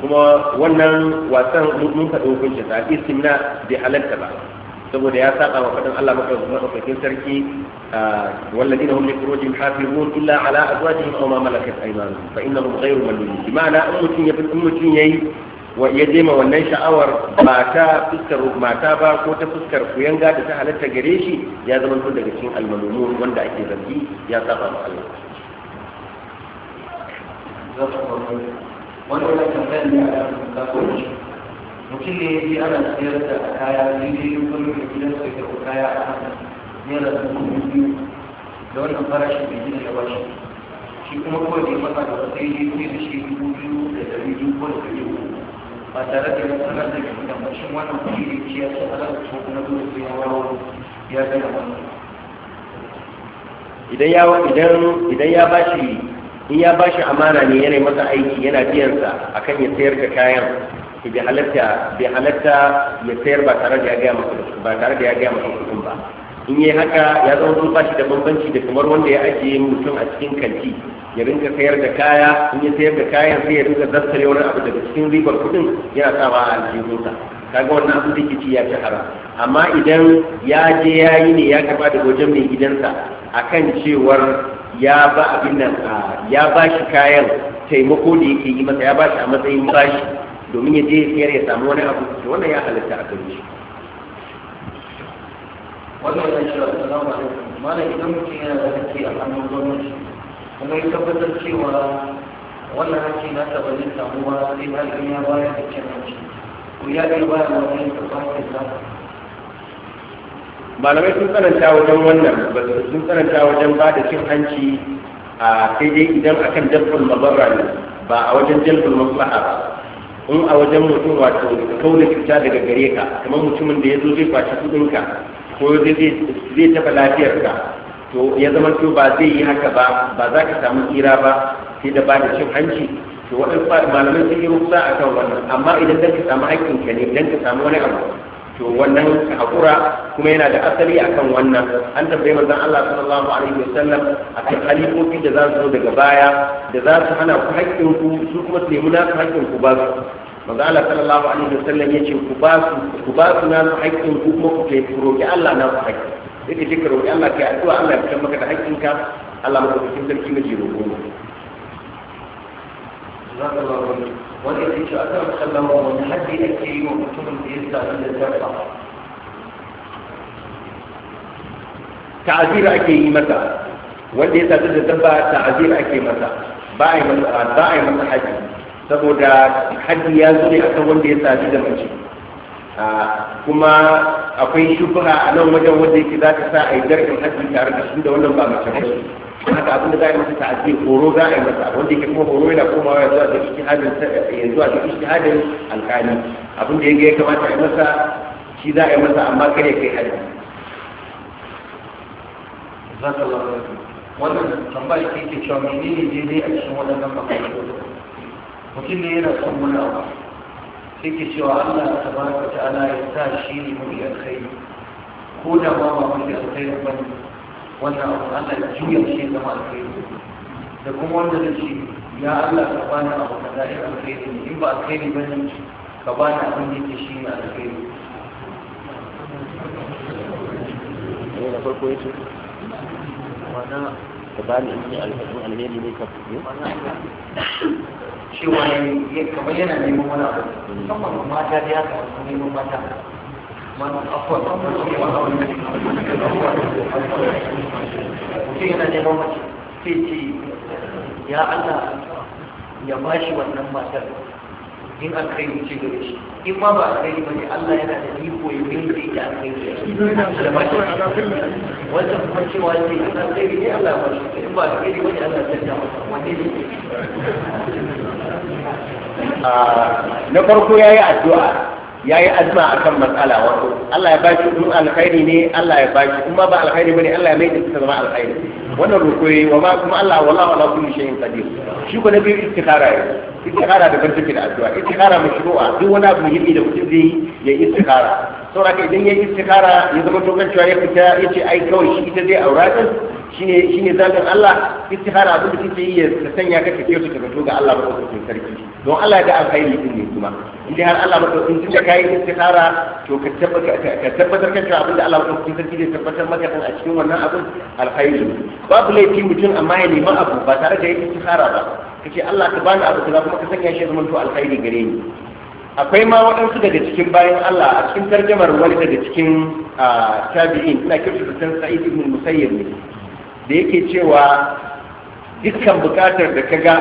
kuma wannan wasan mun faɗi hukuncin sa istimna bai halarta ba saboda ya saba wa faɗin Allah madaukakin sarki walladina hum li furujihim hafizun illa ala azwajihim aw ma malakat aymanuhum fa innahum ghayru malumin ma'ana in mutum ya in mutum yayi wa ya jema wannan sha'awar mata fuskar mata ba ko ta fuskar kuyanga da ta halatta gare shi ya zama daga cikin almalumun wanda ake zargi ya saba wa Allah wani wani tambayar ne a yaran da ko shi mutum ne yaji ana sayar da kaya ne ne yin kwallo da gidan sai da kaya a hannun da dubu biyu da wannan farashi mai gina ya bashi shi kuma kawai ne ya masa da wata yi ne da shi dubu biyu da dari biyu ko da dari uku ba tare da ya sanar da gidan ba shi wannan kuɗi ne ciyar da alaƙa ko na dole sai ya wawo ya gana wannan idan ya idan idan ya bashi in ya bashi amana ne yana masa aiki yana biyansa akan ya sayar da kayan bai halatta bai halatta ya sayar ba tare da ya gaya masa ba tare da ya gaya masa kuɗin ba in yi haka ya zama sun bashi da bambanci da kamar wanda ya ajiye mutum a cikin kanti ya rinka sayar da kaya in ya sayar da kayan sai ya rinka zartare wani abu daga cikin ribar kuɗin yana sawa a sa kaga wannan abin da ci ya ci haram amma idan ya je ya yi ne ya kafa da wajen mai gidansa akan cewar ya ba abin nan ya ba shi kayan taimako da yake yi masa ya ba shi a matsayin bashi domin ya je sayar ya samu wani abu da wannan ya halitta a gare shi wannan ya shi assalamu alaikum malam idan mutum yana da hakki a hannun gwamnati kuma ya tabbatar cewa wannan hakki na ta bazai samuwa sai har ya bayar da kyan hakki ko ya ga bayar da wani tabbatar da malamai sun tsananta wajen wannan ba sun tsananta wajen ba da cin hanci a sai dai idan akan jalbul mabarra ne ba a wajen jalbul maslaha ba in a wajen mutum wato kauna cuta daga gare ka kamar mutumin da ya zo zai kudin ka ko zai lafiyar lafiyarka to ya zama to ba zai yi haka ba ba za ka samu tsira ba sai da ba da cin hanci to waɗansu malamai sun yi rufsa kan wannan amma idan ka samu haƙƙinka ne idan ka samu wani abu to wannan hakura kuma yana da asali akan wannan an tambaye manzon Allah sallallahu alaihi wasallam akan halifofi da za su zo daga baya da za su hana ku haƙƙin ku su kuma su nemi nasu haƙƙin ku ba su manzon Allah sallallahu alaihi wasallam ya ce ku ba su ku ba su nasu haƙƙin ku kuma ku ke roƙi Allah na ku haƙƙi yake ce ka roƙi Allah kai addu'a Allah ya fitar maka da haƙƙinka Allah maka cikin sarki miji roƙo mu. والذي تأثرت خلاه من الزرقة تعذير أكيد متى والذي تأثرت الزرقة تعذير أكيد متى باعي من الآن باعي من الحدي سبودا الحدي يزوري أكيد والذي تأثرت الزرقة kuma akwai shubha a nan wajen wanda yake أي ka sa a yi jirgin hajji tare da haka abin da za a yi masa ta'azzi horo za a yi masa abin da ke kuma horo yana komawa ya zuwa ga ijtihadin ya zuwa ga ijtihadin alƙali abin da yake ya kamata a yi masa shi za a yi masa amma kare kai hadin Zaka alaihi wannan tambaya ke ke cewa menene daidai a cikin waɗannan makarantu mutum ne yana son wani abu sai ke cewa Allah ta baraka ta'ala ya sa shi ne mu mafi alkhairi ko da ma ba mafi alkhairi ba ne wannan abu Allah ya juya shi zama alkhairi da kuma wanda zai ce ya Allah ka bani abu kaza ya alkhairi ne in ba alkhairi ba ne ka bani abin da yake shi ne alkhairi ne da farko yace wannan ka bani in ne alkhairi alheri ne ka fito cewa ne kamar yana neman wani abu musamman mata da ya kamar neman mata mana afuwa mamaci sai ce ya Allah ya ba shi wannan matar in an kai wuce gare shi in ma ba a kai ba ne Allah yana da ya bin da da ba shi kuma cewa kai ne Allah ba shi ba a kai ba ne Allah ya ta masa ne ah, na farko addu'a azma akan matsala wato Allah ya shi in alkhairi ne Allah ya bashi in ba alkhairi ne Allah ya mai da zama alkhairi wannan roƙo yayi wa ma kuma Allah wallahu ala kulli shay'in qadir shi ko na biyu istikhara yayi istikhara da barkake da addu'a istikhara mashru'a duk wani abu muhimmi da mutum zai ya istikhara saboda idan ya istikhara ya zama to kan cewa ya fita yace ai kawai shi ita dai aura shine shine zaɓin Allah ittihara abin da kake yi ya sanya ka kake su daga ga Allah madaukakin sarki don Allah ya ga alkhairi din ne kuma in har Allah da tunda kai ittihara to ka tabbatar ka cewa kanka abin da Allah madaukakin sarki zai tabbatar maka a cikin wannan abin alkhairi babu laifi mutum amma ya nemi abu ba tare da yin ittihara ba ce Allah ka bani abu kaza kuma ka sanya shi ya zama to alkhairi gare ni akwai ma waɗansu daga cikin bayan Allah a cikin tarjamar wani daga cikin ah, tabi'in ina kirkir san sa'id ibn musayyib ne da yake cewa dukkan bukatar da ka ga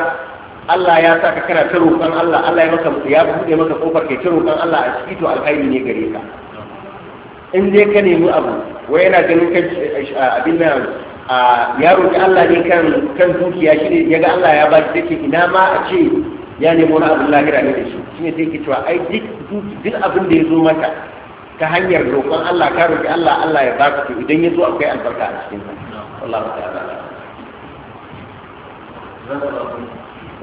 Allah ya sa ka kana ta roƙon Allah Allah ya maka ya buɗe maka kofar kai ta roƙon Allah a ciki to alkhairi ne gare ka in dai ka nemi abu wai yana ganin kan abin nan ya roƙi Allah ne kan kan dukiya shi ne ya ga Allah ya ba shi take ina ma a ce ya nemo na abin lahira ne da shi shi sai take cewa ai duk duk abin da ya zo maka ta hanyar roƙon Allah ka roƙi Allah Allah ya ka to idan ya zo akwai albarka a cikin sa Allah ta ba.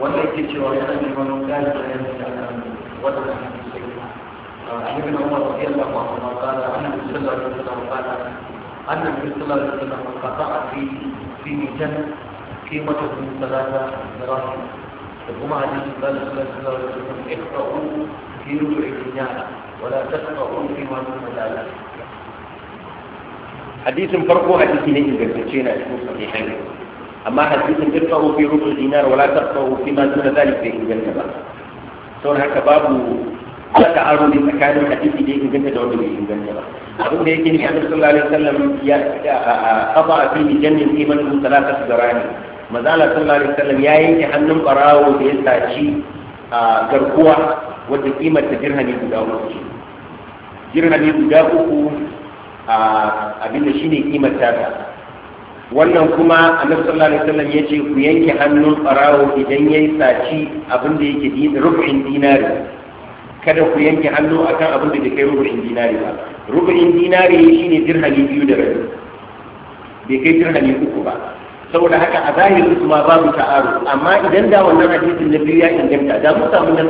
Wanda yake cewa ya san cewa nan ga da yan da kan wata da kan sai. Ah, ibn Umar radi Allahu anhu ma kana annabi sallallahu alaihi wasallam kana annabi sallallahu alaihi wasallam kata a fi fi mutan fi mata sun sadaka da rafi. Da kuma hadisi sallallahu alaihi wasallam ikra'u fi ru'i dunya wa la taqra'u fi ma tunzala. hadisin farko hadisi ne ingantacce na cikin sahihai amma hadisin irfa'u fi rubu dinar wala tarfa'u fi ma duna zalik bai inganta ba saboda haka babu ala aro ne tsakanin hadisi da inganta da wanda bai inganta ba abin da yake ni annabi sallallahu alaihi wasallam ya qada fi jannin imanin salata rani mazala sallallahu alaihi wasallam ya yanke hannun barawo da ya saci garkuwa wadda kimar ta jirhani guda uku jirhani guda uku abinda da shine kimanta ta. wannan kuma annabi sallallahu alaihi wasallam yace ku yanke hannun farawo idan yayi saci abinda da yake rubin dinari kada ku yanke hannu akan abinda da kai rubin dinari ba rubin dinari shine dirhami biyu da rabi bai kai dirhami uku ba saboda haka a zahiri su ma babu ta'aru amma idan da wannan hadisin na biyu ya inganta da mu samu nan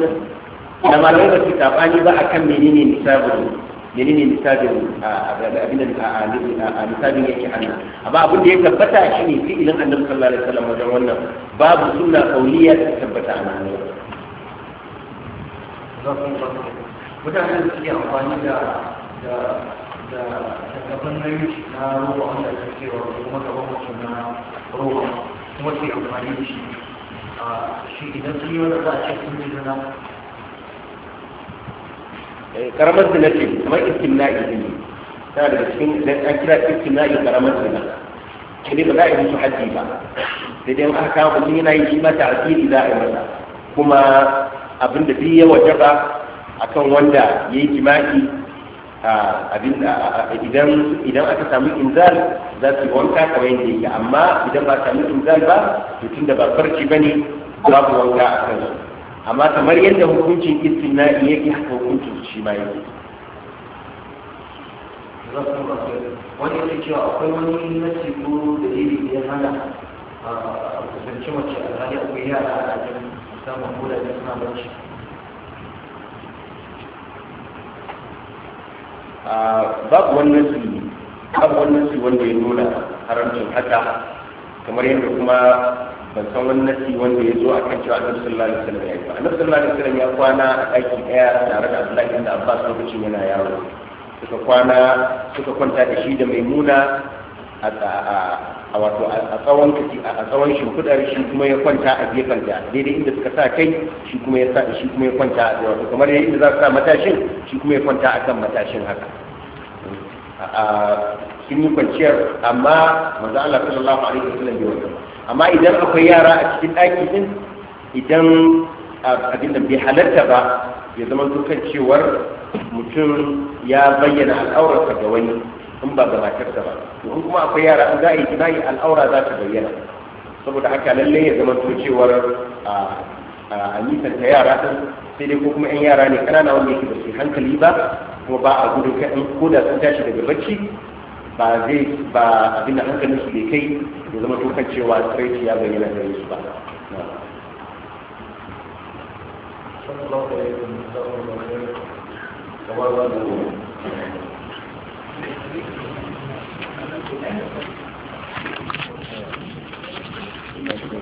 da malamai ba su tabani ba akan menene nisabun menene lissafin abin da lissafin yake hannu amma abin da ya tabbata shi ne fi fi'ilin annabi sallallahu alaihi wasallam wajen wannan babu sunna kauliya da tabbata a nan mutanen da suke amfani da da da gaban nauyi na roba wanda ake cewa kuma gaban mutum na roba kuma suke amfani da shi shi idan sun yi wani za a ce sun yi zana Eh, karamar zina ce kamar istimna'i ne ta daga cikin idan an kira istimna'i karamar zina ke ne ba za a yi musu haji ba sai dai aka kama mutum yana yi shi ma ta asiri za a yi masa kuma abin da duk ya wajaba akan wanda ya yi jima'i idan aka samu inzal za su yi wanka kamar yadda yake amma idan ba samu inzal ba to tun da ba farci ba ne za ku wanka a kansu amma kamar yadda hukuncin istina'i yake haka hukuncin shi ma yake wani yake cewa akwai wani nasi ko da iri ya hana a kusanci mace alhali akwai yara a ajin musamman ko da ne suna bacci babu wani nasi babu wani nasi wanda ya nuna haramcin haka kamar yadda kuma ban san wani nasi wanda ya zo a kan cewa annabi sallallahu alaihi wasallam ya yi ba annabi sallallahu alaihi wasallam ya kwana a ɗaki ɗaya tare da abdullahi da abbas lokacin yana yaro suka kwana suka kwanta da shi da muna a wato a tsawon a tsawon shimfiɗar shi kuma ya kwanta a gefen da daidai inda suka sa kai shi kuma ya sa shi kuma ya kwanta a wato kamar yadda za su sa matashin shi kuma ya kwanta a kan matashin haka sun yi kwanciyar amma manzo Allah sallallahu alaihi wasallam bai wannan amma idan akwai yara a cikin ɗaki din idan abin da bai halatta ba ya zama kan cewar mutum ya bayyana al'aurarsa ga wani in ba ga matarsa ba to in kuma akwai yara an za a yi jimai al'aura za ta bayyana saboda haka lallai ya zama cewar a nisanta yara din sai dai ko kuma yan yara ne kanana wanda yake ba su hankali ba kuma ba a gudun kaɗan ko da sun tashi daga bacci ba zai ba abin da hankalin su bai kai ya zama tukan cewa tsiraici ya bayyana da su ba Thank you.